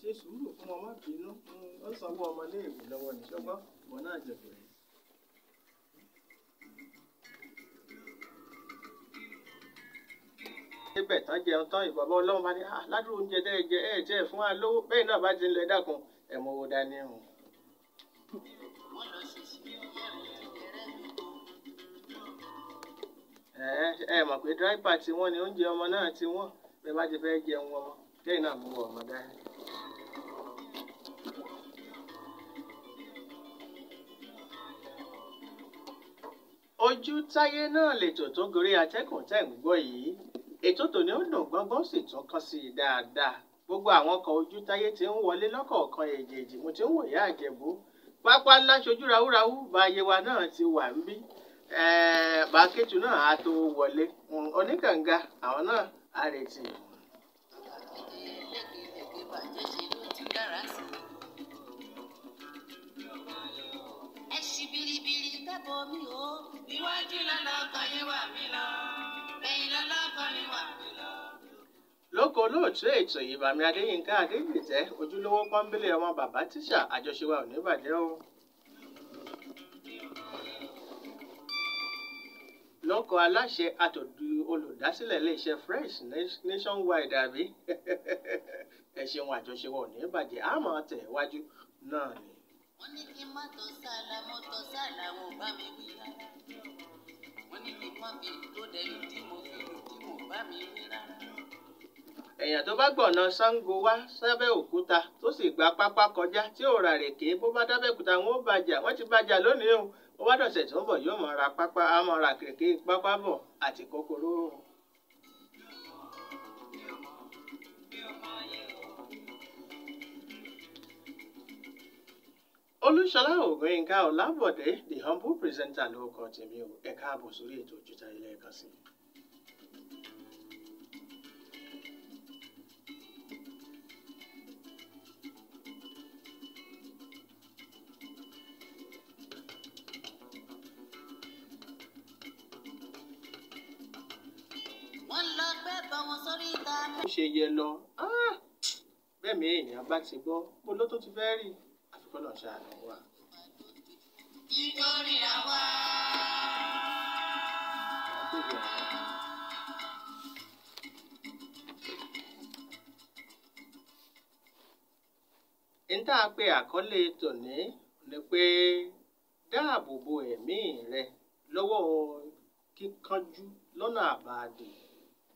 ṣe sùúrù fún ọmọ bínú ó sanwó ọmọléèwé lọ́wọ́ ní ṣọ́gbọ́n wọn náà jẹ̀bẹ̀rẹ̀. níbẹ̀ tán jẹun tán ìbọ̀bọ̀ ọlọ́run bá ní aládùn ah, oúnjẹ tẹ́ ẹ jẹ ẹ jẹ fún wa lówó bẹ́ẹ̀ náà bá ti ń lọ ẹ dákun ẹ mọ dání o. ẹ mọ̀ pé dráìbà tiwọn ni oúnjẹ ọmọ náà tiwọn bẹ́ẹ̀ bá ti fẹ́ jẹun ọmọ kẹ́yìn náà mú ọmọ dání. ojú táyé náà lètò tó gorí atẹ́kùn tẹ̀ ń gbọ́ yìí ètò tòní ó dùn gbọ́ngbọ́n sì tún kàn sí i dáadáa gbogbo àwọn kan ojú táyé ti ń wọlé lọ́kọ̀ọ̀kan èjèèjì mo ti ń wòye àjẹbù pápá ńlá ṣojú ráúráú bá yewa náà ti wà ń bí bàákẹ́tù náà á tó wọlé oníkànga àwọn náà á retí. ẹ ṣí biribiri dábọ̀ mi o iwájú lọ́lọ́kọ yín wà mí lọ ẹ̀yìn lọ́lọ́kọ mi wà mí lọ. lóko olóòtú ètò ìbàmí adéyínká adégbìtẹ́ ojúlówó pọ́ńbélé ọmọ bàbá tíṣà àjọṣe wa ò ní bàjẹ́ o. lọ́kọ̀ aláṣẹ àtòdù olùdásílẹ̀ iléeṣẹ́ fresh nationwide àbí ẹ ṣeun àjọṣe wa ò ní bàjẹ́ àmọ́ tẹ̀ wájú náà ni wọ́n ní kí n má tọ́ sálà mo tọ́ sálà wọn bá mi wí rárá wọ́n ní kí n má fi tó dẹnu tí mo fi lù tí mo bá mi wí rárá. èèyàn tó bá gbọ̀nà Ṣàngó wá sábẹ́ òkúta tó sì gba pápá kọjá tí ò rà rèké bó bá dábẹ́ òkúta wọn ó bàjà wọ́n ti bàjà lónìí o ó wá dọ̀sẹ̀ tó bọ̀ yóò mọ̀ ra pápá á mọ̀ ra kèké pápá bọ̀ àti kòkòrò. olúṣọlá ògúnyínká ọlábọ̀dé the humble presenter ló kọ tèmi o ẹ káàbọ̀ sórí ètò Ojútáyé ilé ẹ̀kan sí i. ṣe yẹ lọ ah! bẹ́ẹ̀ mi èèyàn bá ti gbọ́ mo ló tó ti fẹ́ rí i. kọ́lọ̀ ṣàánú wa. nítorí àwa. níta pé àkọlé tòní ni pé dáàbò bo ẹ̀mí rẹ lọ́wọ́ kíkánjú lọ́nà àbàdì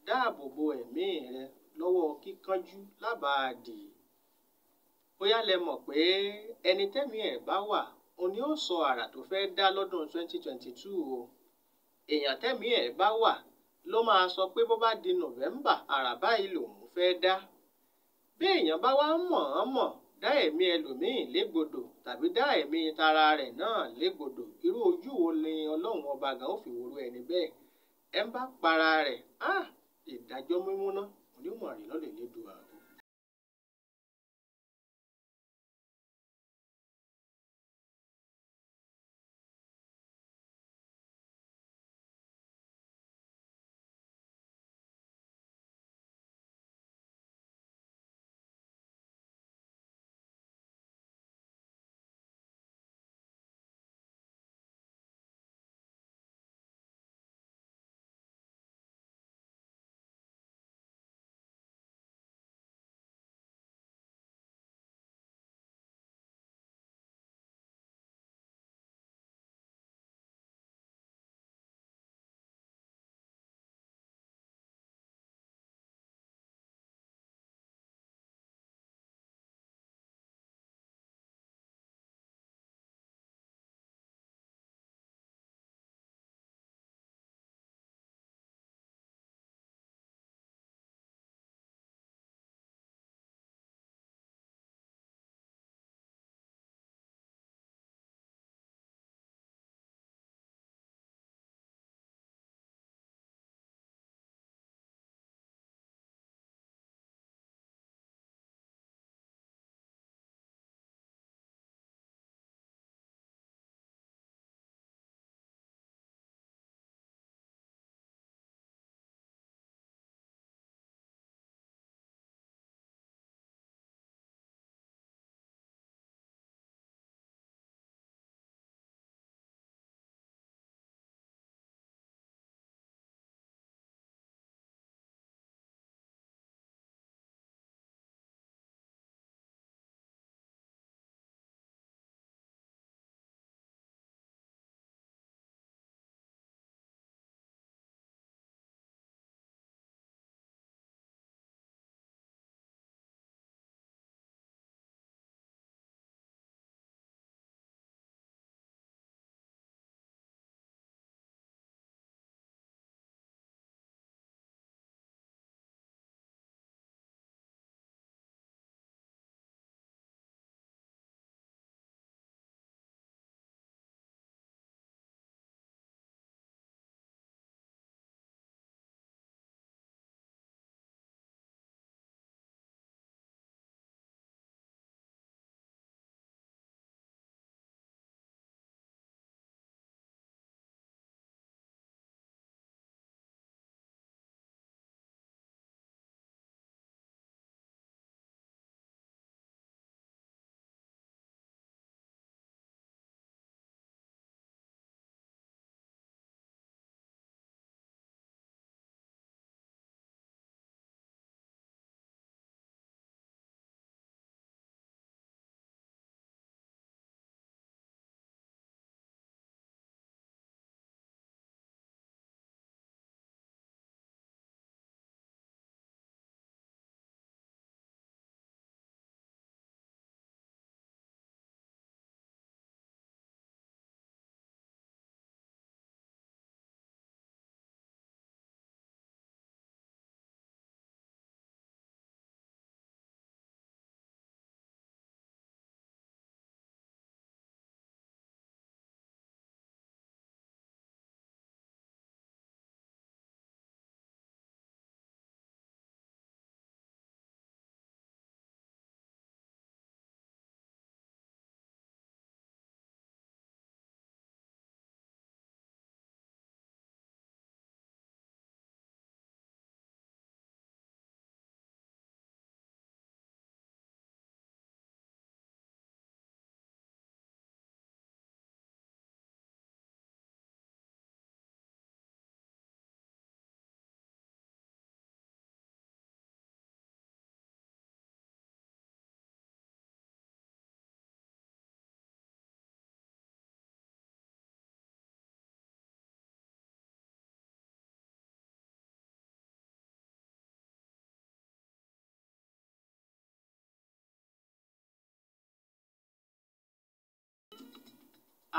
dáàbò ẹ̀mí rẹ lọ́wọ́ bóyá lẹ mọ̀ pé ẹni tẹ́mi ẹ̀ bá wà òun ni ó sọ àrà tó fẹ́ dá lọ́dún 2022 o èèyàn tẹ́mi ẹ̀ bá wà ló máa sọ pé bó bá di November, àrà báyìí lòun fẹ́ dá bí èèyàn bá wá ń mọ̀ọ́mọ̀ dá ẹ̀mí ẹlòmíì légbodò tàbí dá ẹ̀mí tara rẹ̀ náà légbodò irú ojú wo ni ọlọ́run ọba gan ó fi wòrú ẹni bẹ́ẹ̀ ẹ ń bá para rẹ̀ ìdájọ́ mímúná onímọ̀ rẹ̀ lẹ́dùn àrùn.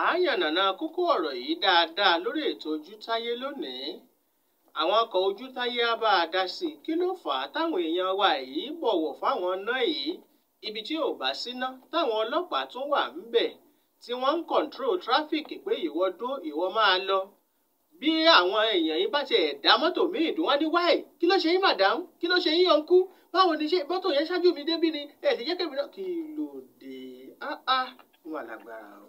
a yànnàná kókó ọ̀rọ̀ yìí dáadáa lórí ètò ojútáyé lónìí àwọn ọkọ̀ ojútáyé á bá a dá sí i kí ló fà á táwọn èèyàn wa yìí bọ̀wọ̀ fáwọn náà yìí ibi tí ò bá síná táwọn ọlọ́pàá tún wà ń bẹ̀ tí wọ́n ń kọ̀ǹtró tráfíkì pé ìwọ dó ìwọ máa lọ bí àwọn èèyàn yìí bá ti ẹ̀ dá mọ́tò míì dùn wá ní wáì kí ló ṣe yín madam kí ló ṣe yín ọ̀nkú báwo ni ṣe mọ́tò yẹn ṣáájú mi débí ni ẹ̀ ti jẹ́ kébì náà kí ló áá wọn àlágbára o.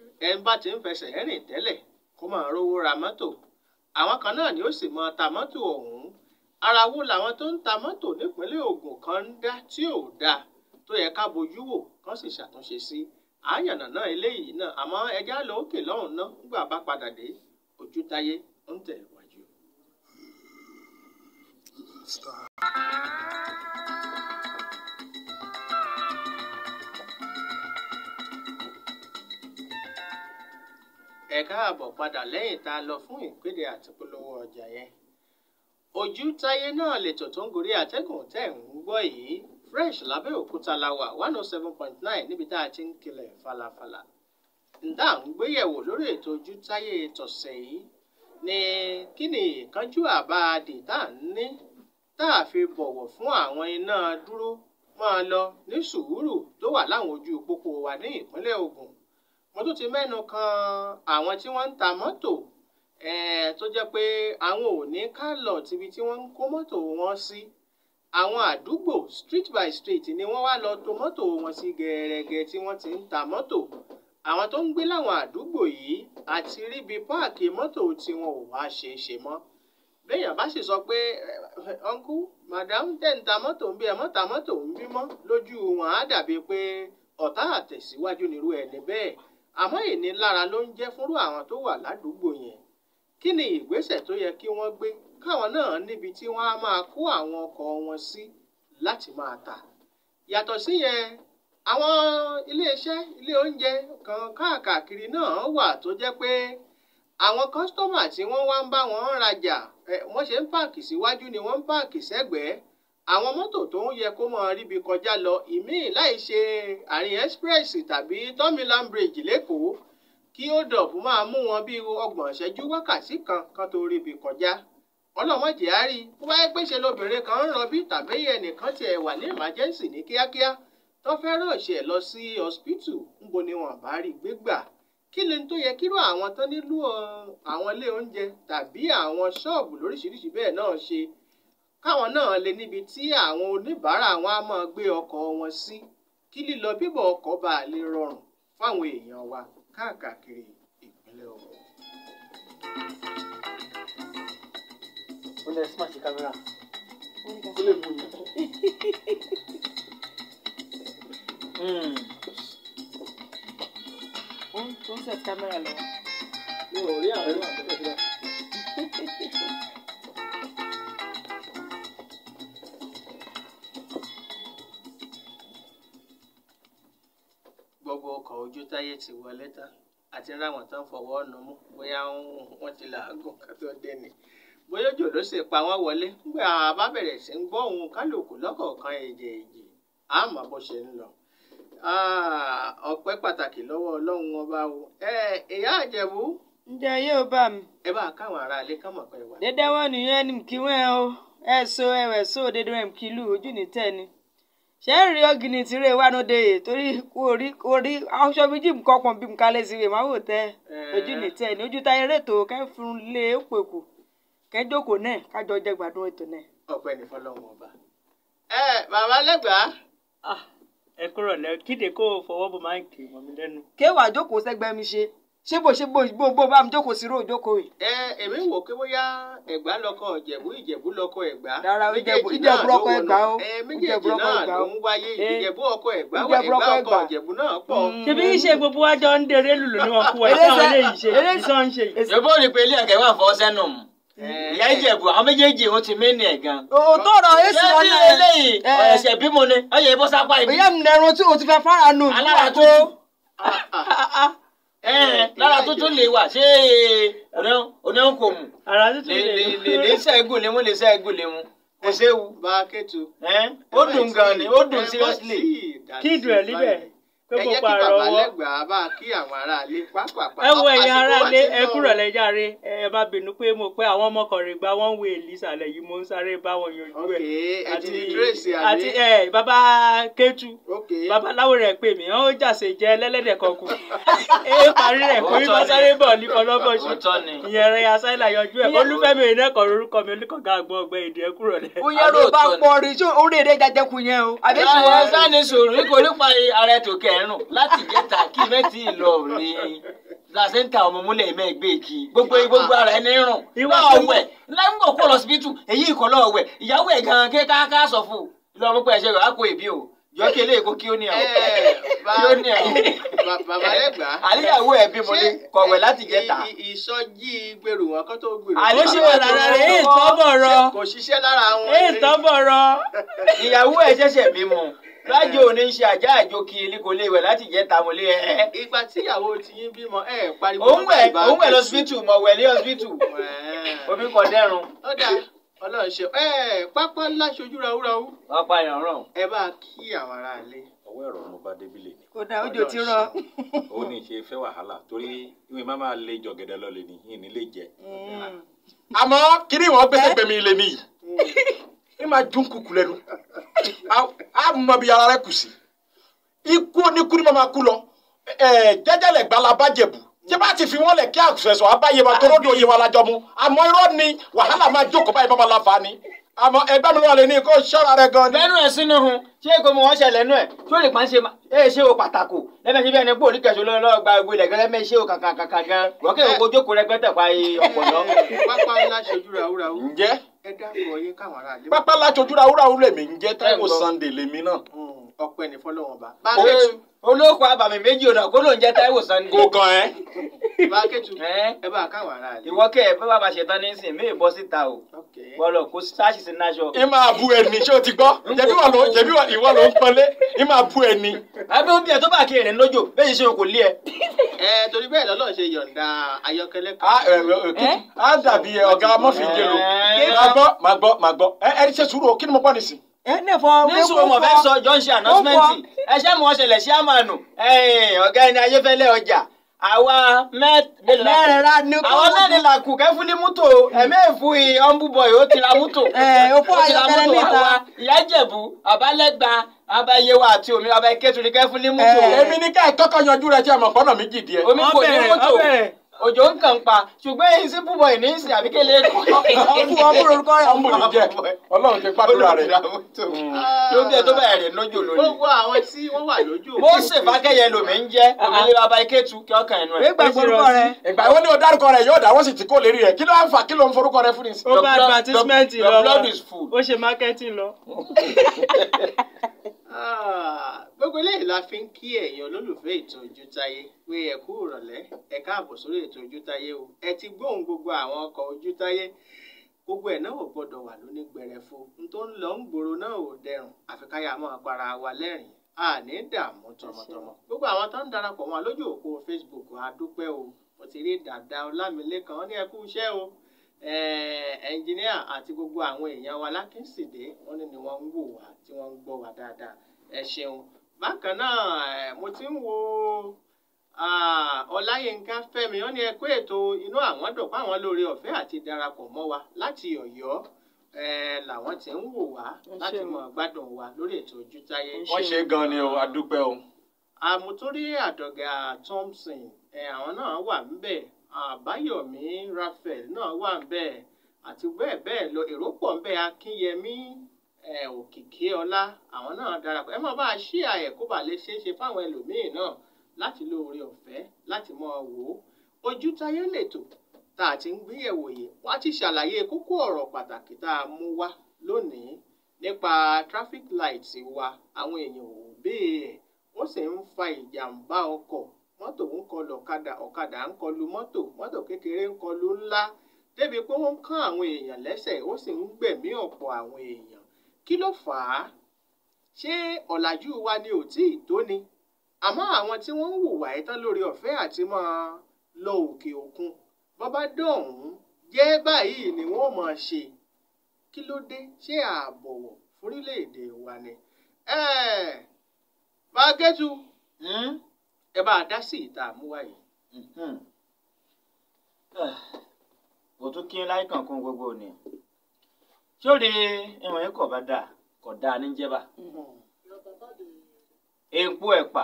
ẹ̀ ń bá ti ń fẹsẹ̀ rìn tẹ́lẹ̀ kó máa rówó ra mọ́tò àwọn kan náà ni ó sì máa ta mọ́tò ọ̀hún ara wo làwọn tó ń ta mọ́tò nípínlẹ̀ Ògùn kan ń dá tí ò dáa tó yẹ ká bojú wò kán sì ṣàtúnṣe sí àyànnà náà eléyìí náà àmọ́ ẹja lọ òkè lọ́hùn ná nígbà bá padà dé ojútáyé ń tẹ̀ wájú. káàbọ̀ padà lẹ́yìn tá a lọ fún ìpèdè àtìpolówó ọjà yẹn. ojú táyé náà lètò tó ń gorí àtẹ́gùn tẹ̀ ń gbọ́ yìí fresh lábẹ́òkúta la wà one oh seven point nine níbi tá a ti ń kilẹ̀ falafala. ǹdá ń gbéyẹ̀wò lórí ètò ojú táyé tọ̀sẹ̀ yìí ni kí ni ìkánjú àbáadì tá à ní tá a fi bọ̀wọ̀ fún àwọn iná dúró máa lọ ní sùúrù tó wà láwọn ojú pópó wa ní ìpínlẹ̀ Ògùn mo tún ti mẹ́nu kan àwọn tí wọ́n ń ta mọ́tò tó jẹ́ pé àwọn ò ní ká lọ tibi tí wọ́n ń kó mọ́tò wọn sí àwọn àdúgbò street by street ni wọ́n wá lọ tò mọ́tò wọn sí gẹ̀ẹ́rẹ́gẹ́ tí wọ́n ti ń ta mọ́tò àwọn tó ń gbé láwọn àdúgbò yìí àti ríbi páàkì mọ́tò tí wọn ò wá ṣe é ṣe mọ́ béèyàn bá sì sọ pé ọ̀nkú madam tẹ̀ ń ta mọ́tò ń bí ẹ mọ́ta mọ́tò ń bímọ lójú wọn á dàbí pé ọ̀tá àtẹ̀síwájú nírú ẹni bẹ́ẹ̀ àmọ́ ìnilára ló ń jẹ́ fúnrú àwọn tó wà ládùúgbò yẹn kí ni ìgbésẹ̀ tó yẹ kí wọ́n gbé káwọn náà níbi tí wọ́n á máa kó àwọn ọkọ̀ wọn sí láti máa tà yàtọ̀ síyẹn àwọn iléeṣẹ́ ilé oúnjẹ kan káàkiri náà wà tó jẹ́ pé àwọn kọ́sítọ́mà tí wọ́n wá ń bá wọn rajà wọ́n ṣe ń páàkì síwájú ni wọ́n ń páàkì sẹ́gbẹ̀ẹ́ àwọn mọ́tò tó ń yẹ kó mọ ríbi kọjá lọ ìmíì láì ṣe àárín express tàbí tomiland bridge lẹ́kọ̀ọ́ kí ó dọ̀bù máa mú wọn bí ọgbọ̀n ìṣẹ́jú wákàtí kan kan tó ríbi kọjá ọlọ́mọdé á rí i wáyé péṣe lóbìnrin kan ń rọbí tàbí ẹnìkan tiẹ̀ wà ní emergency ní kíákíá tó fẹ́ rọ̀ṣẹ̀ lọ sí hospital ńbo ni wọn bá rí gbégbà kí ni tó yẹ kíró àwọn tán nílùú àwọn ilé oúnjẹ tàbí àwọn ṣọ́ọ̀bù lóríṣiríṣi bẹ́ẹ̀ náà ṣe káwọn náà lè níbi tí àwọn oníbàárà wọn á máa gbé ọkọ̀ wọn sí kí lílọ bíbọ̀ ọkọ̀ bá lè rọrùn fáwọn èèyàn wa káàkiri ìpínlẹ̀ Ọ̀yọ́. ó lẹ smart camera ó lè mú yín. ó ń set camera lọ. mi ò rí àwọn ẹ̀rọ àtẹ̀tẹ̀ sílẹ̀. táyé ti wọlé ati àti ráwọn tán fọwọ́ ọ̀nà mú bóyá wọ́n ti làágùn ká tó dé ni bóyá òjò ló ṣe pa wọ́n wọlé nígbà bá bẹ̀rẹ̀ sí ń gbọ́ ohun kálukú lọ́kọ̀ọ̀kan èjì èjì àmọ́ bó ṣe ń lọ. ọpẹ́ pàtàkì lọ́wọ́ ọlọ́run ọba o ìyá ǹjẹ́ yóò bá mi. ẹ bá káwọn ará ilé kán mọ̀ pé wà. dédé wọn nìyẹn ni kí ẹ so ni. sherry ogini ti re wa tori torí ori ori aṣọ méjì nǹkan pọ̀n bí nǹkan lè siwe máa wò tẹ eh. ojú ní tẹ ní ojú ta eré tó kẹ lé òpò èkó kẹ náà kájọ jẹ gbádùn ètò náà. ọpẹ́ ní fọ́lọ́run ọba. Eh, ah, ẹ màmá lẹgbàá. ẹ kúrò lẹ kíde kó fọwọ́ bó máa ń kì í lẹ́nu. kéwàá jókòó sẹ́gbẹ́ mi ṣe. ṣé bò ṣe bò bò bò bá mi jókòó sí róò jókòó yìí. ẹ èmi wò ó pé bóyá ẹ̀gbá lọkọ ìjẹ̀bú ìjẹ̀bú lọkọ ẹ̀gbá. rárá ìjẹ̀bú ìjẹ̀bú ọkọ o ìjẹ̀bú ọkọ ẹ̀gbá o méjèèjì náà ló ń wáyé ìjẹ̀bú ọkọ ẹ̀gbá wà ẹ̀gbá ọkọ ìjẹ̀bú náà pọ̀. Mm. ṣebí yìí ṣe gbogbo wájọ ń dèrè lùlù ní ọkọ ẹ̀ táwọn eléyìí ṣe ìsọ̀n ṣe. yòbó rí pé ilé ẹ̀kẹ́ wà fọ́ sẹ́nu eh. ìyá ìjẹ̀bù àwọn méjèèjì wọn ti méèní ẹ̀ gan. òótọ́ eh. ọ̀rọ̀ èsì wọn náà eléyìí ẹ̀ṣẹ̀ bímọ ni ọyẹ ìbọ́sápá ìbí. ìyá mi nẹrun tí o ti fẹ́ fara nù. alára tó ah, ah, ah. Eh, lára tó tó lè wà ṣé oníhùn kò mú lè ṣẹ́gun lè mú lè ṣẹ́gun lè mú kò séwu. bá a kẹ́tù. ó dùn gan ni ó dùn seriously. kí ìdùn ẹ̀ níbẹ̀ pé gbogbo àrọ wọ ẹ wo ẹ̀yin aráalé ẹ kúrò lẹjáre ẹ má bínú pé mo pé àwọn ọmọkùnrin gba wọn wé ìlísàlẹ yìí mo ń sáré bá wọn yanjú ẹ àti àti ẹ bàbá Kétu bàbá láwo rẹ pè mí ó jàsè jẹ ẹlẹlẹdẹ kan ẹ parí rẹ kó ibà sáré bọ ní kọlọbọṣù ìyẹn rẹ asáìlà yanjú ẹ mi olùkọgá àgbọn ọgbẹ èdè ẹ kúrò lẹ. bóyá ló bá pọ̀ rí sórí ẹ̀ tó kẹ́ lẹ́rùn láti ìjẹta kí mẹ́tì lọ ní placenta ọmọ múlẹ̀ mẹ́gbẹ́ẹ̀kì gbogbo gbogbo ara ẹni rùn lọ́wọ́ wẹ̀ lẹ́mú òkú lọ́sibítù èyí ìkọ́ lọ́wọ́ wẹ̀ ìyàwó ẹ̀ gan-an kí káká sọ fún un lọ́wọ́ mú pẹ́ ẹ̀ṣẹ̀ rẹ̀ á kó èbí o yọ kí ilé èkó kí ó ní àwọn kí ó ní àwọn bàbá lẹgbà àríyàwó ẹ bímọ ní kọwẹ láti jẹta. ìsọjí gbèrò wọn kó tó gbèrò. àlejò rárá rẹ èyí tọ́ bọ̀ rọ. kò ṣiṣẹ́ lára wọn. èyí tọ́ bọ̀ rọ. ìyàwó ẹ ṣẹ̀ṣẹ̀ bímọ rájò òní ń ṣe àjá àjò kí eléko léwẹ̀ láti jẹ́ tamọ́lé ẹ̀. ìgbà tí ìyàwó ti yín bímọ ẹ pariwo. òun wẹ̀ òun wẹ̀ lọ́sibítù mọ̀ wẹ̀ lé ọsibítù. omi kọ dẹrùn. ó dáa ọlọ́run ṣe ẹ pápá ńlá ṣojú ráúráú. pápá ìrànràn. ẹ bá kí àwọn ará ilé. ọwọ́ ẹ̀rọ mo bá débi lè ní. kódà òjò ti rọ. ó ní ṣe fẹ́ wàhálà torí ìwé má máa lé jọ̀gẹ̀dẹ̀ lọ lè ní ìní lè jẹ. Mm. àmọ́ kí ni ìwọ̀n gbẹ́sẹ̀ lè ní i ma jun kukule do a mabiyara rẹ kusi i ko ni kurima ma ku lọ ẹẹ jẹjẹlẹ gbalaba jẹbu jẹba ti fi wọn lẹ kí a sẹsọ a ba yeba toro di o yeba la jọmu àmọ́ ni wàhálà ma jókòó báyìí bàbá la fa ni. àmọ́ ẹgbẹ́ mi wà lè ní kó ṣọ́ra rẹ gan ni. lẹ́nu ẹ̀ sínú hun ṣé èkó mu wọ́n ṣe lẹ́nu ẹ̀ tó lè pàṣẹ ẹ̀ ṣé o pàtàkó lẹ́mẹ̀ẹ́ síbi ẹni gbòòrí kẹsàn lọ́wọ́ gba ìwé lẹ́gẹ́rẹ́ mẹ́ ṣé o kankan gan wọ́n jókòó pa pápá ńlá ṣojú ǹjẹ́ lèmi olóko abàmì méjì ọ̀nà kó ló ń jẹ́ Táíwò Sàní. kò kàn ẹ́. ìbá kẹ́tù ẹ bá káwọn ará rẹ. ìwọ kẹ bá bàbá ní sìn o. bọlọ kó sáàsì sí náṣọ. ì máa bu ẹni ṣé o ti gbọ́ jẹ̀bi wà ló jẹ̀bi wà ìwọ ló ń pọnlé ì máa bu ẹni. àbí omi ẹ̀ tó bá kí erin lójó bẹ́ẹ̀ Eh, nísùn mo fẹ́ sọ jọ ń ṣe ànọ́símẹ́ǹtì ẹ ṣe mọ̀ ṣẹlẹ̀ sí àmàlù ọ̀gá ẹni ayéfẹ́lẹ́ ọjà àwa mẹ́rin ra ní kó àwọn mẹ́rin là kù kẹ́fún ní mútò ẹ̀mí èfú yìí ọ̀nbú bọ̀yì ó ti ra mútò ó ti ra mútò àwa ìyá jẹ̀bú àbálẹ́gba abayewa àti omi ọba ìkẹ́tù ní kẹ́fún ní mútò. èmi ní ká ẹ̀ tọ́kọ̀ yanjú rẹ̀ tí a mọ̀ fọ́nà méjì díẹ̀. omi kò ní mútò òjò ń kàn pa ṣùgbọ́n èyí sí púpọ̀ ìní ìsìn àbí kélé kọ́ ọ̀fun ọ̀fun orúkọ rẹ̀ ọ̀fun ọ̀fun ọlọ́run ti pàdúrà rẹ̀ ló bí ẹ tó bẹ̀rẹ̀ rẹ̀ lójú lónìí. gbogbo àwọn tí wọ́n wà lójú. mo ṣe fàkẹ́yẹ lomi ń jẹ́ òmìnira bàbá Ìkẹ́tù kí ọkàn ẹnu ẹ̀. ìgbà orúkọ rẹ̀. ìgbà wo ni o dárúkọ rẹ̀ yóò dáwọ́ sì ti kó lérí rẹ̀ kí ló ń fa kí ló ń forúkọ rẹ̀ fún la fi ń kí ẹ̀yin olólùfẹ́ ètò ojútáyé pé ẹ kú ìrọ̀lẹ́ ẹ káàbọ̀ sórí ètò ojútáyé o ẹ ti gbóhùn gbogbo àwọn ọkọ̀ ojútáyé gbogbo ẹ̀ náà ò gbọ́dọ̀ wà lóní gbẹrẹfu n tó ń lọ ń gbòòrò náà ò dẹrùn àfi káyà máa wa lẹ́rìn a ní dààmú tọmọtọmọ gbogbo àwọn tó ń darapọ̀ wọn lójú òpó Facebook a dúpẹ́ o mo ti rí dàda ọlámilékan ní ẹ iṣẹ́ o ẹnjìníà àti gbogbo àwọn èèyàn wa lákínsìdé wọn ni wọ́n ń wò wá tí wọ́n ń gbọ́ wá dáadáa ẹ ṣeun bákan náà eh, mo ti ń wo ọláyínká fẹ́mi wọn ní ẹkọ ètò inú àwọn dùn pa àwọn lórí ọ̀fẹ́ àti darapọ̀ mọ́ wa láti ọ̀yọ́ eh, làwọn ti ń wò wá láti mọ gbádùn wa lórí ètò ojútáyé. wọ́n ṣe gan ni o adúpẹ́ o. àmútórí àdọ̀gà thompson eh, àwọn náà wà ńbẹ̀ àbáyọ̀mí raphael náà wà ńbẹ̀ àti bẹ́ẹ̀ bẹ́ẹ̀ lọ èrò pọ̀ ńbẹ̀ akínyẹmí òkìkí ọlá àwọn náà darapọ̀ ẹ máa bá a ṣí àyẹ̀ kó bàa lè é ṣe fáwọn ẹlòmíín náà láti lo oore ọ̀fẹ́ láti mọ wò ó ojútáyé lètò tá a ti ń gbéyẹ̀wò yìí wá ti ṣàlàyé kókó ọ̀rọ̀ pàtàkì tá a mú wá lónìí nípa traffic light wa àwọn èèyàn ò béèrè ó sì ń fa kí ló fà á ṣé ọ̀làjú wa ni ò tí ì tó ni àmọ́ àwọn tí wọ́n ń hùwà ẹ̀tàn lórí ọ̀fẹ́ àti máa lọ òkè òkun bọ́bá dọ̀hún jẹ́ báyìí ni wọ́n máa ṣe kí ló dé ṣé àbọ̀wọ̀ fórílẹ̀-èdè wa ni. bàgẹ́tù hmm? ẹ bá a dá sí ìta àmúwá yìí. òtún hmm. ah, kí n láì kàn gbogbo ni sóde ìwọ̀n yìí kò bá dáa kò dáa níjẹba èèpo ẹ̀pà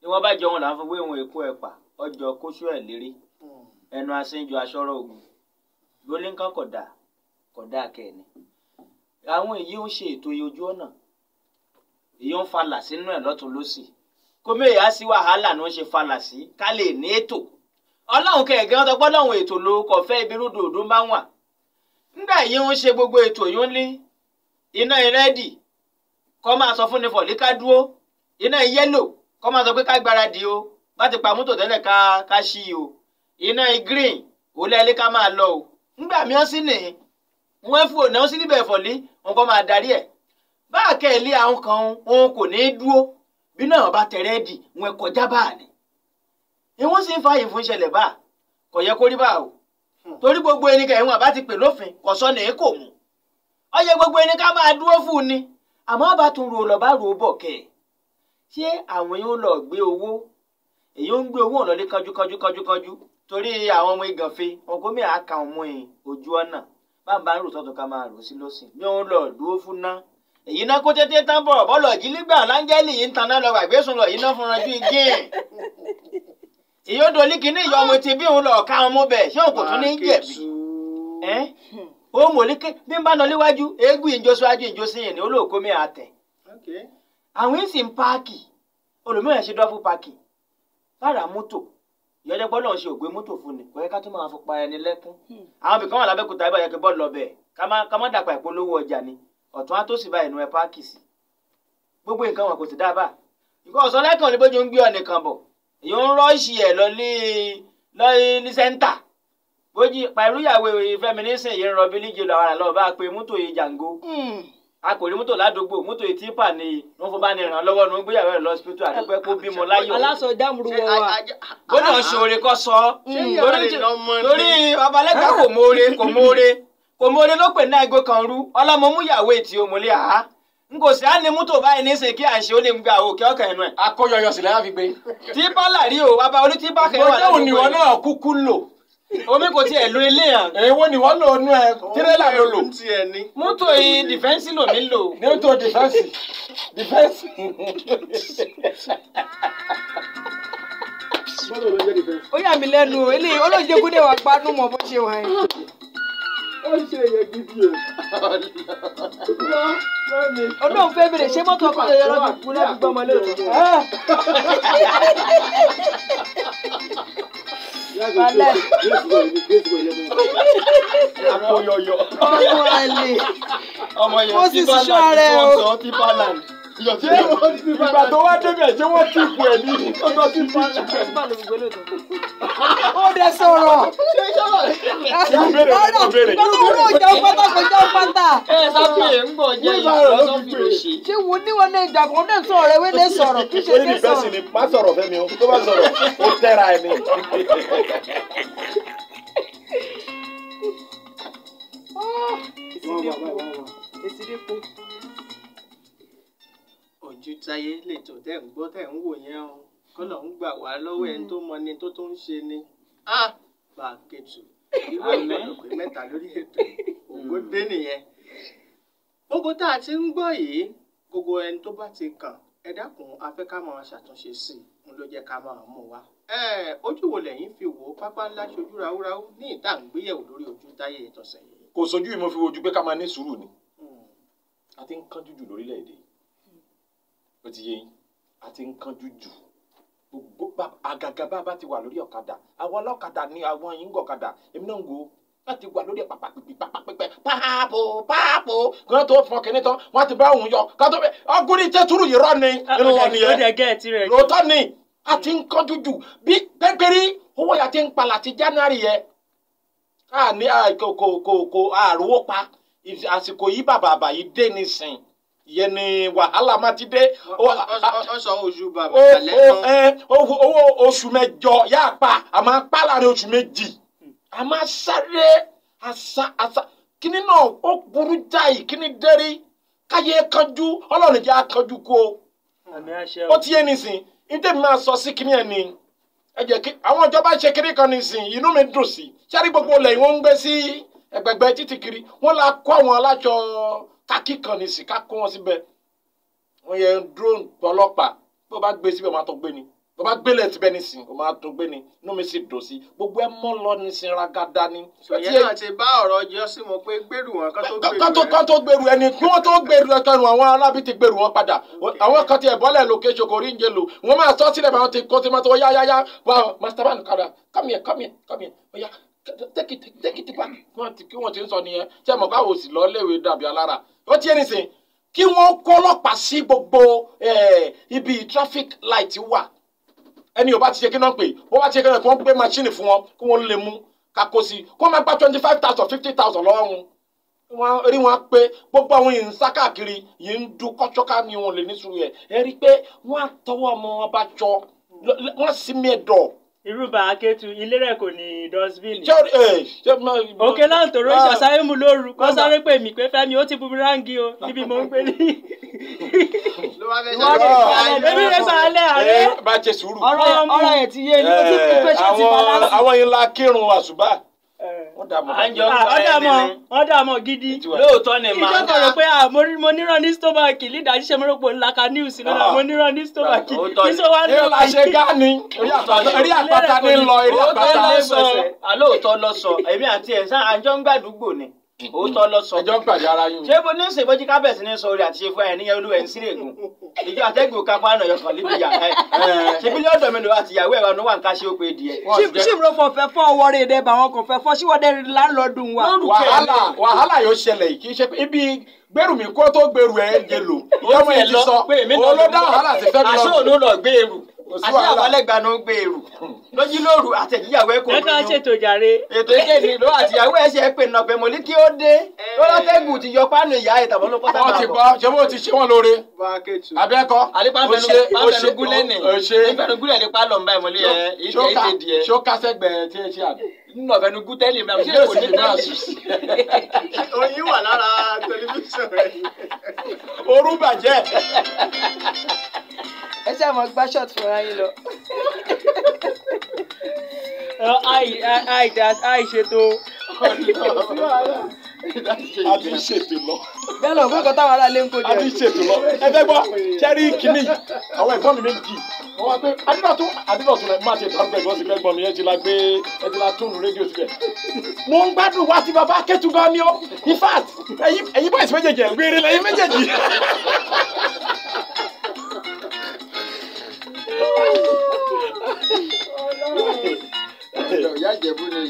ni wọ́n bá jọ wọn là ń fọwọ́ ìwọ̀n èèpo ẹ̀pà ọjọ́ kóṣù ẹ̀ lérí ẹnu asínjọ aṣọ́rọ̀ ogun lóní nǹkan kò dáa kò dáa kẹ́ẹ̀ni àwọn èyí ń ṣe ètò iye ojú ọ̀nà èyí ń falà sínú ẹ̀ lọ́tún lọ́sì kòmí sí wàhálà ni wọ́n ṣe falà sí ká lè ní ètò ọlọ́run kẹ̀kẹ́ wọn tọpọ́ lọ́run ètò ló kọ̀ fẹ́ ibi rúdòdó wà nígbà yìí ń ṣe gbogbo ètò yìí ń lé iná ìrẹ́dì kọ́ máa sọ fún ni fọ̀lí ká dúró iná yẹ́lò kọ́ máa sọ pé ká gbáradì o bá ti pa mọ́tò tẹ́lẹ̀ ká ká ṣí o iná green òlẹ́lẹ́ ká máa lọ o nígbà mìíràn sí ni wọ́n fò náà sí níbẹ̀ fọ̀lí wọn kọ́ máa darí ẹ̀ báà kẹ́lẹ́ àwọn kan òun kò ní í dúró bí náà bá tẹ̀ rẹ́dì wọn kọjá báà ni ìwọ́n sì ń fa ìfúnṣẹlẹ̀ báà kò yẹ báà o torí gbogbo ẹnikẹ́ ìwọ̀n àbá ti pè lófin kò sọ ní kò mú ọyẹ gbogbo ẹni ká máa dúró fún un ni àmọ́ ọba tún ro lọ bá ro bọ̀ kẹ́ ẹ̀ ṣé àwọn yóò lọ gbé owó èyí ń gbé owó ọ̀lọ́lé kanjú kanjú kanjú kanjú torí àwọn ọmọ ìgànfe ọkọ mi àka ọmọ ẹ̀ ojú ọ̀nà bàbá ń rò tọ́tún ká máa rò sí lọ́sìn ni òun lọ dúró fún ná èyí ná kó tètè tán bọ̀rọ̀ bọ́ọ̀lù ọ̀jílígbà láńgẹ́lì yìí ń taná lọ gbàgbésùn lọ yìí ná fúnra ju igé ìyódò ní kinní ìyá ọmọ ti bí òun lọ ká ọmọ bẹ ṣé òun kò tún ní jẹ̀bi ó mọ̀ lékè bí n bá lọ léwájú eégún ìjọsíwájú ìjọsíyìn ni olóòkó mi àtẹ àwọn èsì ń páàkì olùmíràn ṣe dọ́fù páàkì lára mọ́tò ìyọjẹ́ bọ́ọ̀lù ọ̀hún ṣe ògbé mọ́tò fún ni kò yẹ ká tó máa fọpa ẹni lẹ́kún hmm. àwọn ibìkan wà lábẹ́kúta ibà yẹ kí bọ́ọ̀lù ọbẹ̀ ká má dàpọ̀ ìpolówó ọjà ni ọ̀tún á tó sì bá ẹnu ẹ páàkì sí gbogbo nǹkan wọn kò sì dábàá ìkọ́ ọ̀sán lẹ́kàn ní bójú ń gbé ọ nìkan bọ̀ èyí ń rọ́ọ̀ṣì ẹ̀ lọ́lé lọ́yìn ní sẹ́ńtà bójì pàìrúyàwó fẹ́minísìn yìí ń rọ bílíjì lọ ara lọ bá a pé mọ́tò yìí jàǹgó hmm. a kò rí mọ́tò ládùúgbò mọ́tò yìí típà ni wọ́n fún bá ní ràn lọ́wọ́ ní wọ́n gbéyàwó ẹ̀ lọ́sibítù àdúpẹ́ kó bímọ láyọ̀. aláṣọ dámúrú wọ wa. ó náà ṣòro kọ sọ torí hmm. babalẹ́gbà ah. kò mọ̀ọ́re kò mọ̀ọ́re kò mọ̀ọ́re ló pè ní àgbo kan rú ọlọ́mọ n kò sí àní mọ́tò báyìí ní sèké àṣẹ ó lè gba òkè ọkàn ẹnu ẹ. akọyọyọ sì láyà fi gbé. tí bọ́là rí o bàbá olú tí bákẹ́ wà ládùúgbò yìí. mo ní òníwọ̀n náà kúkú lò. omi kò tiẹ̀ lo ilé yàn. èwo ni wọ́n lò nú ẹ tírélà ló lò. mọ́tò yìí dìfẹ́ǹsì lò lò. mọ́tò dìfẹ́ǹsì dìfẹ́ǹsì. ó yà mí lẹ́nu eléyìí olóòjé kúndé wà gbádùn mọ́ bó ṣe wà yìí ó ṣe yẹ gidi o. ọlọ́run fẹ́ bèrè ṣé mọ́tò ọkọ̀ yẹn lọ́dún kú láti gbọ́ ọmọ lóòótọ́. Balẹ̀. Ọmọ yọyọ. Ọmọ yẹn tí bá láì tí wọ́n sọ tí bá ṣé ìgbà tó wá débẹ̀ ṣé wọ́n ti kú ẹ̀ ní ọjọ́ tí fi jù ẹ̀. ó dẹ sọ̀rọ̀ ọ̀rọ̀ ọ̀rọ̀ ìjà pátá kò jẹ́ pátá. ẹ sábẹ́ ń bọ̀ jẹ́ ìjọba tó fi lè ṣe. ṣé wo ní wọn lè jà kó sọ̀rọ̀ rẹ wé lè sọ̀rọ̀ kí ṣe lè sọ̀rọ̀. olùbẹ́sì ni má sọ̀rọ̀ fẹ́mi o tó bá sọ̀rọ̀ ju táyé lè tó tẹ̀ ń gbọ́ tẹ̀ ń wò yẹn o kọ́lọ̀ ń gbà wá lọ́wọ́ ẹni tó mọ ni tó tó ń ṣe ni ah! bá a kẹtù ìwé ìmọ̀lùpé mẹ́ta lórí ètò ògo hmm. nìyẹn. gbogbo tá a ti ń gbọ́ yìí gbogbo ẹni tó bá ti kàn ẹ dákun a fẹ́ ká máa ṣàtúnṣe sí i n ló jẹ́ ká máa mú wa. ojú wo lẹ́yìn fi wò ó pápá ńlá ṣojú ráúráú ní ìta ìgbéyẹ̀wò lórí ojú táyé ìtọ̀sẹ̀ yìí. kò sójú yìí fi wojú pé ká máa ní sùúrù ni hmm. a ti ń kánjú jù lórílẹ̀‐èdè yìí ó ti yé yín àti nǹkan jújù gbogbo àgàgà bá bá ti wà lórí ọ̀kadà àwọn ọlọ́kadà ni àwọn yìí ń gọ̀kadà èmi náà ń go wọ́n ti wà lórí pàpà pípí pàpà pípẹ́ páàpò páàpò kan tó fọ kínní tán wọ́n ti bá òun yọ kan tó bẹ ọgùnrin tẹ́túrú yìí rọ́ ni ìrọ̀ ah, nìyẹn lóòótọ́ ni a ti ń kánjú jù bí pẹ́pẹ́rí owó yà ti ń palà ti January yẹ káà ní kò kò pa àsìkò yìí bàbàbà yìí dé nísìn ìyẹn ni wàhálà má ti dé. ọsọ oṣù bàbá lẹ́nu. owó oṣù mẹ́jọ yá pa a máa pa láàrin oṣù méjì a máa sáré asa asa kíní náà ó burú jáì kíní dérí káyé kanjú ọlọ́run jẹ́ akanjú kú o. ó ti yé nísìn nítorí máa sọ sí kíní ẹ̀ ni ẹ jẹ́ kí àwọn ìjọba ṣe kíní kan nísìn inú mi dùn sí sáré gbogbo lẹ́yìn wọ́n ń gbé sí ẹgbẹ̀gbẹ́ títì kiri wọ́n la kó àwọn aláṣọ kakíkan ní sí ká kó wọn síbẹ̀ wọn yẹ drone ọlọ́pàá bó bá gbé síbẹ̀ wọn á tó gbé ni bó bá gbélé síbẹ̀ nísìn wọn á tó gbé ni inú mi sì dùn sí gbogbo ẹ mọ́ lọ nísìn ragada ni. ìyẹn náà ti bá ọ̀rọ̀ jọ sí wọn pé gbèrú wọn kán tó gbèrú ẹ. kán tó gbèrú ẹni kí wọ́n tó gbèrú ẹ tọ́nu àwọn alábí ti gbèrú wọn padà àwọn kan ti ẹ̀ bọ́lẹ̀ lókèṣe kò rí njẹ́ lò wọ́n máa sọ sílẹ̀ bá wọn ti kó ti máa tó yáyáyá wá master man kára come here come here tẹ́kìtì back kí wọ́n ti ń sọ nìyẹn tí ẹ mọ̀ káwọn òsì lọ léwe dàbí alára ó ti ẹni sìn kí wọ́n kọ́ ọlọ́pàá sí gbogbo ibi traffic light wà ẹni ò bá ti ṣe kí náà pè bó bá ti ṣe kí náà kí wọ́n gbé machine fún wọn kí wọ́n lè mú kakó sí kó máa gba twenty five thousand fifty thousand lọ́wọ́ wọn wọn rí wọn pé gbogbo àwọn yìí ń sá káàkiri yìí ń du kọ́tsọ́ká mi wọn lè ní sùúrù yẹ ẹ rí i pé wọ́n á tọwọ́ ọmọ wọn bá jọ wọ́n sì mí ẹ̀ dọ̀ iruba akétu ilere koni kò ní dustbin. sọrí ẹ ṣe máa. òkè náà tòró ìjà ah. sáré mu lóru kó sáré o níbi mò ń pè ní. ló wá fẹ́ sáré ẹ̀ ẹ̀mí ẹ bá jẹ sùúrù. ti yé ni ti fi eh, wọ́n dà mọ́ gidi lóòótọ́ ni màá ìjọba rẹ̀ pé ah, mo níran ní stomach lídàájí ṣe mọ́rọ́pọ̀ ńláka news ah, mo níran ní stomach kí wá ní ṣe eré àpáta ni lọ eré àpáta sọ. àlóòótọ́ lọ sọ èmi àti ẹ̀ àjọ ń ni. òótọ́ lọ sọ ẹjọ́ ń pàdé ara yín. ṣé bó ní ṣe bójú kábẹ̀sì ní sọ orí àti ṣe fún ẹ níyẹn olúwẹ̀ ń sílẹ̀ gùn ìjọ àtẹ́gbẹ̀ẹ́ ká fún ànàyàn níbi yàrá ẹ ṣe bí lọ́dọ̀ mi lò àti ìyàwó ẹ̀ wà ń ká ṣe ó pé díẹ̀. ṣíbùrọ̀ fọ̀ fẹ́ fọ́ ọwọ́ rẹ̀ dẹ́ bá wọn kò fẹ́ fọ́ síwọ́dẹ́ láńlọ́dún wa. wàhálà wàhálà yóò ṣẹlẹ̀ kì í ṣe ibi gbèrú mi kó tó gbèrú ẹ jẹ lò ìyá ọmọ ti sọ olódà wàhálà ti fẹ́ mi lọ. àṣọ òun ló lọ gbèrú e àti àwọn alẹ́gbàánu gbé èrò lójú lóru àtẹ̀jíyàwó ẹ̀ kò lóyún. lẹ́tọ́ ṣètò jàre. ètò ìdè ni ló àtìyàwó ẹ̀ ṣe pè nà bẹ̀mọ̀ ní kí ó dé lọ́lọ́tẹ̀gùn ti yọ páànù ìyá ẹ̀ tàbí ọlọ́pàá tàbí àbọ̀. wọ́n ti gbọ́ ṣé wọ́n ti ṣe wọ́n lóore. abẹ́kọ́ o ṣe o ṣe o ṣe nínú ọ̀fẹ́ nu gútẹ́lì mi àbúṣe kò ní tẹ́lì. oyin wà lára tẹlifíṣàn rẹ. orú bàjẹ́. ẹ ṣáà mọ gbá ṣọ́ọ̀tì fúnra yín lọ. àìṣètò a ti ń ṣètò lọ. bẹ́ẹ̀ lọ fún ẹ̀kọ́ táwọn aráalé ń kojú ẹ̀. a ti ń ṣètò lọ ẹ fẹ́ gbọ́ sẹ́rí kìíní àwọn ẹ̀gbọ́n mi méjì wọ́n wá pé adínàtú adínàtú rẹ̀ má ti dárúkọ ẹ̀gbọ́n sí ẹ̀gbọ́n mi ẹ̀ ti la gbé ẹ̀ ti la tóònù rédíò síbẹ̀. mo ń gbádùn wá sí baba akẹ́tù gan ni ọ́ in fact ẹ̀yin bọ́ọ̀sì méjèèjì ẹ̀ gbére lẹ́yìn méjèèjì. Oh, ìyá ìjẹ̀bú ni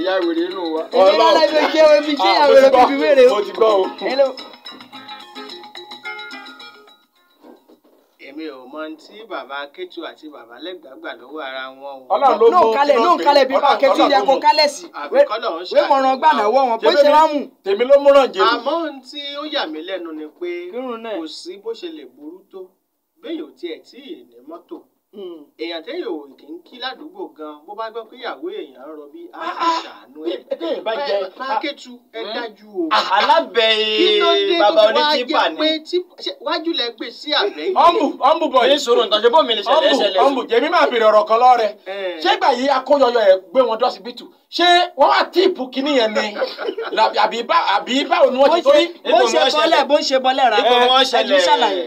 ìyá wèrè inú wa. èmi lára ibi jẹ́ omi jẹ́ àwẹ̀rẹ̀ bíbí wèrè o. mo ti gbọ́ o. èmi ò mọ tí bàbá Kétu àti bàbá Lẹ́gbà gbà ara wọn o. Ọlọ́run ló mọ kálẹ̀ ló ń kálẹ̀ bí bá Kétu yẹ kó kálẹ̀ sí. wé mọ̀ràn gbà náwó wọn bó ṣe rámù. tèmi ló múràn jèrè. àmọ́ ohun ó yà mí lẹ́nu ni pé kò sí bó ṣe lè burú tó bẹ́ẹ̀ yóò tiẹ̀ tí ì ní mọ́tò Hmm, èèyàn tẹ́yìn ò kì í kí ládùúgbò gan bó bá gbọ́ pé ìyàwó èèyàn ń rọbí á sì ah, ah. ṣàánú ẹ̀. bẹ́ẹ̀ bá jẹ pákétu ẹ hmm? dájú o. Ah, alábẹ́ bàbá onítìpà ni. wájú lẹ gbé sí àbẹ́. ọ̀nbù ọ̀nbù bọ̀ yín sọ̀rọ̀ nǹkan ṣe bó mi lè ṣẹlẹ̀ ṣẹlẹ̀. ọ̀nbù jẹ̀mí máa bèrè ọ̀rọ̀ kan lọ́rẹ̀. ṣé ìgbà yìí akóyọyọ ẹ̀ gbé wọn dọ́sí bìtù ṣé wọ́n wá tíìpù kínní yẹn ni àbí báwo ni wọ́n ti torí. bó ń ṣe bọ́lẹ̀ bó ń ṣe bọ́lẹ̀ rà ẹ̀ ẹ̀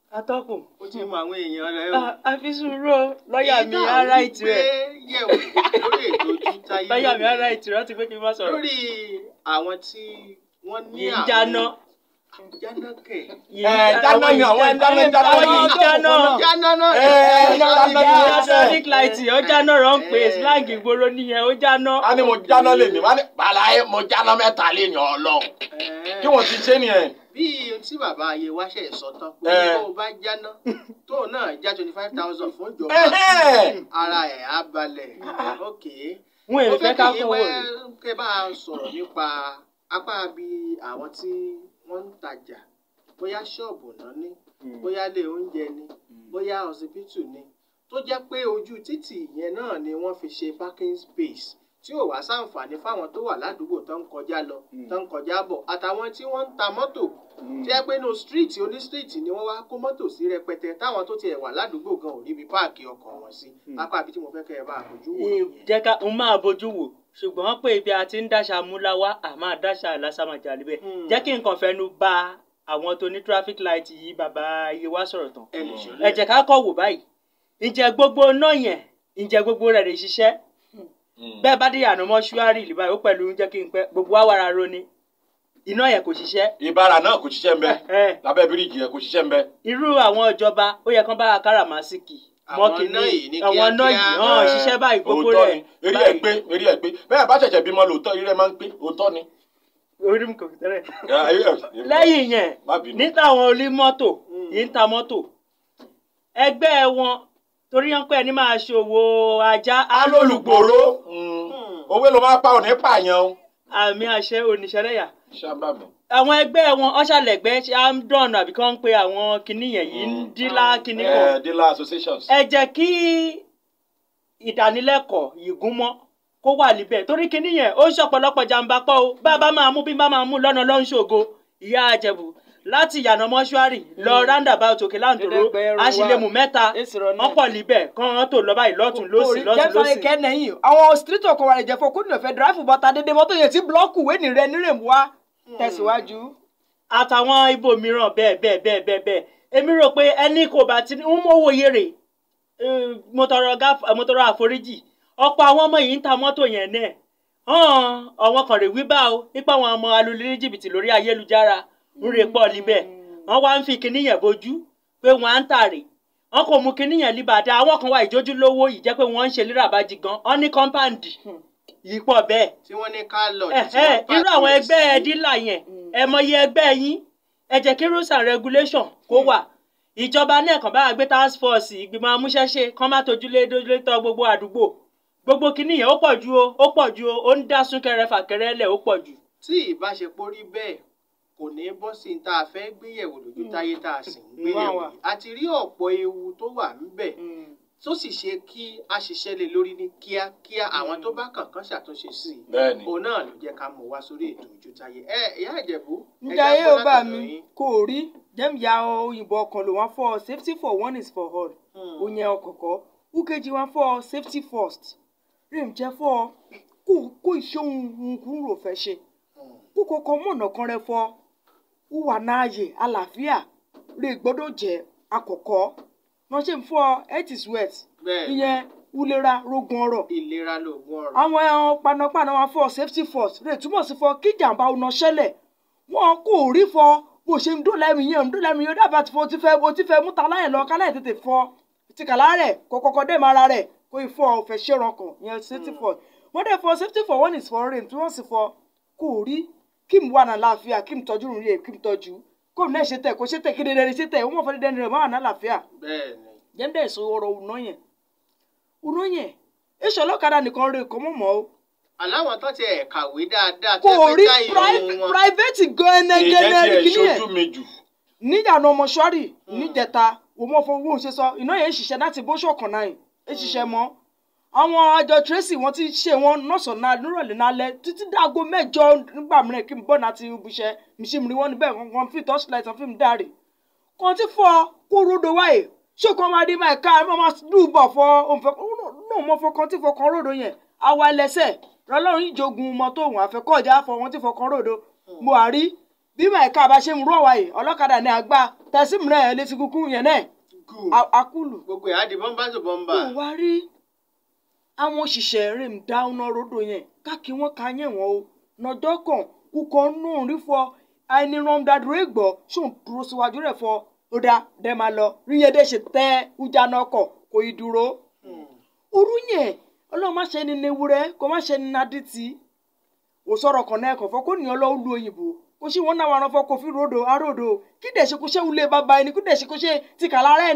atọ́kùn ó ti mọ àwọn èèyàn rẹ o. àfisúró lọ́ọ̀yà mi ara ìtirẹ̀. ìdá àwọn gbé yẹ̀wò lórí ètò ojú mi ara ìtirẹ̀ wọ́n ti pé kí n má sọ̀rọ̀. lórí àwọn tí wọ́n ní àwọn jana ni àwọn ìdáná jana yìí jana jana jana sonic light ó jana rán pé slang ìgboro nìyẹn ó jana. a ní mo jana lè ní wá ní balaye mo jana mẹ́ta lè ní Ọlọ́run kí wọ́n ti ṣe nìyẹn. bí tí bàbá ayé wa ṣe sọ tán pé tó o bá jáná tó o náà já twenty five thousand fún ìjọba ara ẹ̀ á balẹ̀ ókè. wọ́n èrè fẹ́ ká fún wọn. mo fẹ́ kí ìwé kẹ́ bá a sọ̀rọ̀ nípa apá bíi àwọn tí wọ́n ń tajà bóyá ṣọ́ọ̀bù náà ní hmm. bóyá ilé oúnjẹ ni hmm. bóyá ọsibítù ni tó jẹ́ pé ojú títì yẹn náà ni wọ́n fi ṣe parking space tí ò wá ṣàǹfààní fáwọn tó wà ládùúgbò tó ń kọjá lọ hmm. tó ń kọjá bọ̀ àtàwọn tí wọ́n ń ta mọ́tò tí ẹ pé inú street oní street ni wọ́n wá kó mọ́tò sí rẹpẹtẹ táwọn tó tiẹ̀ wà ládùúgbò gan ò ríbi páàkì ọkọ̀ wọn sí pápá àbí tí mo fẹ́ kẹ́ ẹ bá àbójú wò. jẹ́ ká n máa bójú wò ṣùgbọ́n pé ibi àti ń dáṣà múláwá àmọ́ àdáṣà lásàmàjà níbẹ̀ hmm. jẹ́ kí nǹkan fẹnu ba àwọn tó ní traffic light yìí bàbá iye wa sọ̀rọ̀ tán ẹ jẹ́ ká kọ́ wò báyìí ǹjẹ́ gbogbo náà yẹn ǹjẹ́ gbogbo rẹ̀ lè ṣiṣẹ́ hmm. Hmm. bẹ́ẹ̀ bá dé ìyànà mọ́ṣúárì lè báyìí ó pẹ̀lú jẹ́ kí n pẹ́ gbogbo wa wàrà ro iná yẹn kò ṣiṣẹ́. ìbára náà kò ṣiṣẹ́ ń bẹ eh, eh. lábẹ́ bíríìjì yẹn kò ṣiṣẹ́ ń bẹ. irú àwọn ìjọba ó yẹ kán bá káràmásìkì mọ́kìnní àwọn náà yìí hàn ṣiṣẹ́ báyìí gbogbo rẹ̀ eré ẹ̀ gbé eré ẹ̀ gbé bẹ́ẹ̀ bá ṣẹ̀ṣẹ̀ bímọ lóòótọ́ eré máa ń pé òótọ́ ni. orí mi kò fi tẹ́lẹ̀. lẹ́yìn yẹn níta àwọn onímọ́tò hmm. yìí ń ta mọ́tò ẹgbẹ́ wọn torí wọn pẹ́ ní máa ṣòwò ajá alólùgbòrò hmm. owó ló máa pa òní pààyàn àmì àṣẹ oníṣẹ́lẹ̀yà. ṣábàbọ̀ àwọn ẹgbẹ́ wọn ọ̀ṣàlẹ̀gbẹ́ ṣe amdron àbí kàn ń pe àwọn kinní yẹn yìí ń mm, dílà kinní kan eh, dílà associations. ẹ jẹ́ kí ìdánilẹ́kọ̀ọ́ ìgúnmọ́ kó wà níbẹ̀ torí kinní yẹn ó ṣọ̀pọ̀lọpọ̀ jàǹbá pọ̀ o bá a bá máa mú bí bá máa mú lọ́nà lọ́nṣogo ìyá àjẹbù láti yànà mọ́ṣúárì lọ mm. roundabout òkè láǹdòrò àṣìlẹ̀mù mẹ́ta ọ̀pọ̀ níbẹ̀ kan tó lọ báyìí lọ́tún lọ́sì lọ́sì lọ́sì. àwọn street ọkọ̀ wà lè jẹ́ fún kúndùnfẹ́ dráfù bọ́ta dédé mọ́tò yẹn ti blọ́ọ̀kù wé nìrẹ́ nírèmú wa tẹ̀síwájú àtàwọn ibòmíràn bẹ́ẹ̀ bẹ́ẹ̀ bẹ́ẹ̀ bẹ́ẹ̀ bẹ́ẹ̀ èmi rò pé ẹni kò bá ti ń mówó yèrè mo tọrọ àforíjì ọ̀pọ̀ àwọn ọmọ yìí ń ta mọ́tò yẹn náà hàn kan rè wíbá o nípa àwọn ọmọ alulẹ̀ ní jìbìtì lórí ayélujára ń rè pọ̀ níbẹ̀ hmm. wọ́n wá ń fi kinní yẹn bojú pé wọ́n á ń tàrè wọ́n kò mú kinní yẹn líbàdà àwọn kan wà ìjójúlówó yìí jẹ́ pé wọ́n ń ṣe líràbájì gan-an ní kọ́ńpáǹdì yìí pọ̀ bẹ́ẹ̀. tí wọ́n ní ká lọ. irú àwọn ẹgbẹ́ dílà yẹn mm. ẹ mọyì ẹgbẹ́ yín ẹ jẹ́ kí rules and regulation kó mm. wà ìjọba náà kàn bá gbé task force ìgbìmọ̀ amúṣẹ́ṣe kàn má tojúlé dojúlé tọ́ gbogbo àdúgbò gbogbo kinní yẹn ó pọ̀ ju o ó pọ̀ ju o ó ń dá súnkẹrẹ fàkẹrẹ lẹ̀ ó pọ̀ jù. tí ìbáṣepọ̀ rí bẹ́ẹ̀ kò ní bọ́ sí tá a fẹ́ gbéyẹ̀wò lójú mm. táyé tá a sì ń gbéyẹ̀wò a rí ọ̀pọ̀ ewu tó wà níbẹ̀ tó sì ṣe kí a ṣiṣẹ́ lé lórí ní kíákíá àwọn tó bá kankan ṣàtúnṣe sí i. bẹ́ẹ̀ni òun náà ló jẹ́ ká mú wá sórí ètò ojútáyé. ẹ ìyá ìjẹ̀bú. níjà yé o bá mi kò rí dem ya òyìnbó ọkàn ló wá fọ safety for one is for all hmm. òyìn ọkọ̀kọ́ ukeji wá fọ safety first Rim jẹ́ fọ kó kó ìṣóhun kúrò fẹ́ ṣe hmm. kó kọ́kọ́ mọ̀nà kan rẹ fọ wúwa náà yè àlàáfíà rè gbọ́dọ̀ jẹ́ àkọ́kọ́ wọn ṣe ń fún ọ health is wealth ìyẹn ìlera rogun ọrọ̀. ìlera lóògùn ọrọ̀. àwọn ẹran panápaná wa fọ safety force rè túmọ̀ sí fọ kí jàǹbá ọ̀nà ṣẹlẹ̀ wọn kò rí fọ bó ṣe ń dóòlà ẹ̀mí yẹn ń dóòlà ẹ̀mí yẹn dábàá ti fọ ti fẹ́ o ti fẹ́ múta láyẹ̀ lọ kálá ẹ̀ tètè fọ tìkàlà rẹ̀ kò kọ́kọ́ dé mara rẹ̀ kó ifọ̀ ọ̀fẹ́ ṣẹ́ran kan yẹn safety hmm. force wọ́n dẹ̀ fọ safety force one is for rain tí wọ́n sì fọ kò rí kí n wà náà láàfin à kí n tọ́jú rìn kí n tọ́jú kó náà ṣe tẹ kó ṣe tẹ kéde dẹni ṣe tẹ wọn fọdẹ dẹni rẹ máa ná làáfíà. bẹ́ẹ̀ni. jẹ́ńdẹ̀ sọ ọ̀rọ̀ ọ̀nà yẹn ọ̀nà yẹn èso ọlọ́kadà nìkan rè kọ́ mọ̀ mọ́ o. aláwọn tó ti ẹ̀ kàwé dáadáa tẹ́ fẹ́ dá irun wọn. kò rí private gan ẹnẹgẹnẹ kìíní ẹ níjànà ọmọṣọ́rì hmm. níjẹta wọ́n mọ̀ fún owó ṣe sọ iná yẹn ń ṣiṣẹ́ láti bó ṣọ̀kan náà ń ṣiṣẹ́ mọ́ àwọn àjọ tracy wọ́n ti ṣe wọn nọ̀sán náà nírọ̀lẹ́ nálẹ́ títí dáago mẹ́jọ nígbà mìíràn kí n bọ̀ náà ti buṣẹ́ mìṣímìrì wọn níbẹ̀ wọn fi torchlight wọn fi ń dárè kan ti fọ kúrúdò wáyé ṣé kan máa dé báyìí ká ẹ máa dùbọ̀ fọ òǹfẹ́ náà mọ́ fọkàn tí fọkàn ròdò yẹn àwa ẹlẹ́sẹ̀ rọlọ́run ìjogun mọ tó òun àfẹ́kọ̀ọ́jà fọ wọn tí fọkàn ròdò buhari hmm. bí màìka bá ṣe ń rọ̀ wáyé ọlọ́kadà ní àgbà tẹ̀sí mìíràn ẹ̀ létí kúkú yẹn náà akúlù. gbogbo ẹ̀ á di bọ́ńbà tó bọ́ńbà. buhari àwọn òṣìṣẹ́ rẹ̀ ń dá ọ̀nà rodo yẹn káàkiri wọn ka yẹn wọn o nọjọ́ kan kúkọ́ nù rí fọ àìníran dàdúró ìgbọ́ ṣùn dúró síwájú rẹ̀ fọ ọ̀dà dẹ́ máa lọ ríyẹ̀dẹ́ ṣe tẹ́ ujà náà kọ̀ kò í dúró. orú yẹn ọlọ́run má ṣe ni newúrẹ́ kó má ṣe ni nadìtì ò sọ̀rọ̀ kan náà kàn fọ́ kó nìyẹn lọ́ọ́ lu òyìnbó kó ṣe wọn náà wà rán fọ́ kó fi rodo arodo kí dẹ̀ ṣe kó ṣe wúlé bàbá ẹni kí dẹ̀ ṣe kó ṣe tìkàlà ara ẹni.